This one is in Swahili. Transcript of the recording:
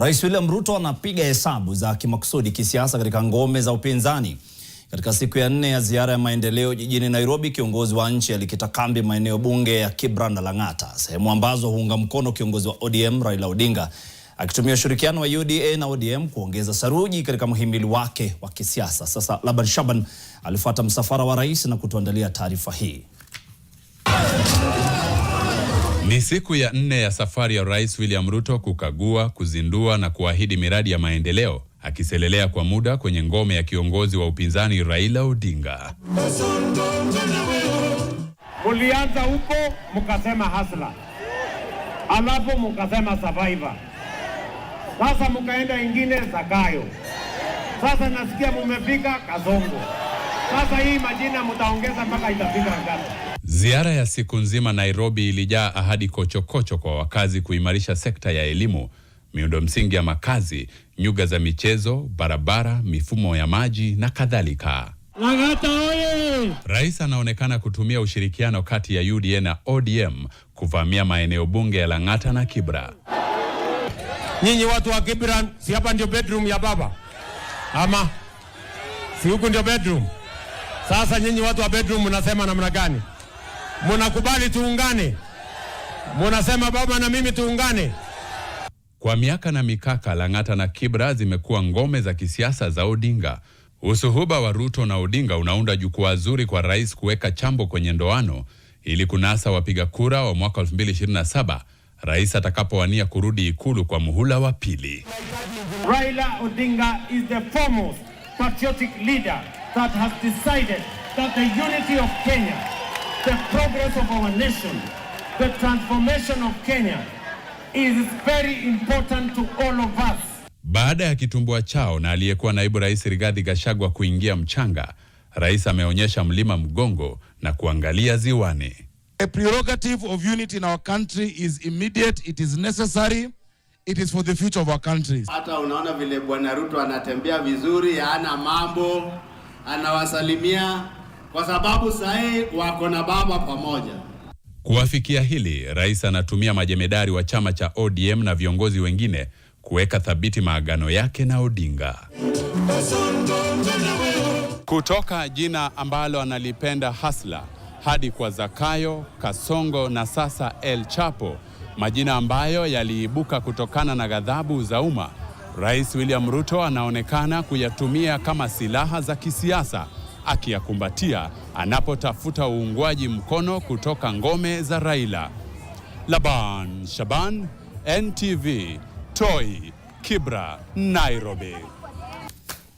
Rais William Ruto anapiga hesabu za kimakusudi kisiasa katika ngome za upinzani. Katika siku ya nne ya ziara ya maendeleo jijini Nairobi, kiongozi wa nchi alikita kambi maeneo bunge ya Kibra na Lang'ata, sehemu ambazo huunga mkono kiongozi wa ODM Raila Odinga, akitumia ushirikiano wa UDA na ODM kuongeza saruji katika muhimili wake wa kisiasa. Sasa Laban Shaban alifuata msafara wa rais na kutuandalia taarifa hii. Ni siku ya nne ya safari ya Rais William Ruto kukagua, kuzindua na kuahidi miradi ya maendeleo, akiselelea kwa muda kwenye ngome ya kiongozi wa upinzani Raila Odinga. Mulianza huko mukasema hasla, alafu mukasema survivor, sasa mukaenda ingine Zakayo, sasa nasikia mumefika kazongo Sasa hii majina mutaongeza mpaka itafika Ngara. Ziara ya siku nzima Nairobi ilijaa ahadi kochokocho kwa wakazi kuimarisha sekta ya elimu, miundo msingi ya makazi, nyuga za michezo, barabara, mifumo ya maji na kadhalika. Rais anaonekana kutumia ushirikiano kati ya UDA na ODM kuvamia maeneo bunge ya Lang'ata na Kibra. Nyinyi watu wa Kibra, si hapa ndio bedroom ya baba ama si huku ndio bedroom? Sasa nyinyi watu wa bedroom mnasema namna gani? Munakubali tuungane? Munasema baba na mimi tuungane? Kwa miaka na mikaka, Lang'ata na Kibra zimekuwa ngome za kisiasa za Odinga. Usuhuba wa Ruto na Odinga unaunda jukwaa zuri kwa rais kuweka chambo kwenye ndoano ili kunasa wapiga kura wa mwaka 2027 rais atakapowania kurudi ikulu kwa muhula wa pili. Raila Odinga is the foremost patriotic leader that has decided that the unity of Kenya the progress of our nation, the transformation of Kenya is very important to all of us. Baada ya kitumbua chao na aliyekuwa naibu rais Rigathi Gachagua kuingia mchanga, rais ameonyesha mlima Mgongo na kuangalia ziwani. A prerogative of unity in our country is immediate, it is necessary, it is for the future of our country. Hata unaona vile Bwana Ruto anatembea vizuri, ana mambo, anawasalimia kwa sababu sahii wako na baba pamoja. Kuwafikia hili, rais anatumia majemedari wa chama cha ODM na viongozi wengine kuweka thabiti maagano yake na Odinga. Kutoka jina ambalo analipenda Hasla hadi kwa Zakayo, Kasongo na sasa El Chapo, majina ambayo yaliibuka kutokana na ghadhabu za umma, Rais William Ruto anaonekana kuyatumia kama silaha za kisiasa akiyakumbatia anapotafuta uungwaji mkono kutoka ngome za Raila. Laban Shaban, NTV, Toi, Kibra, Nairobi.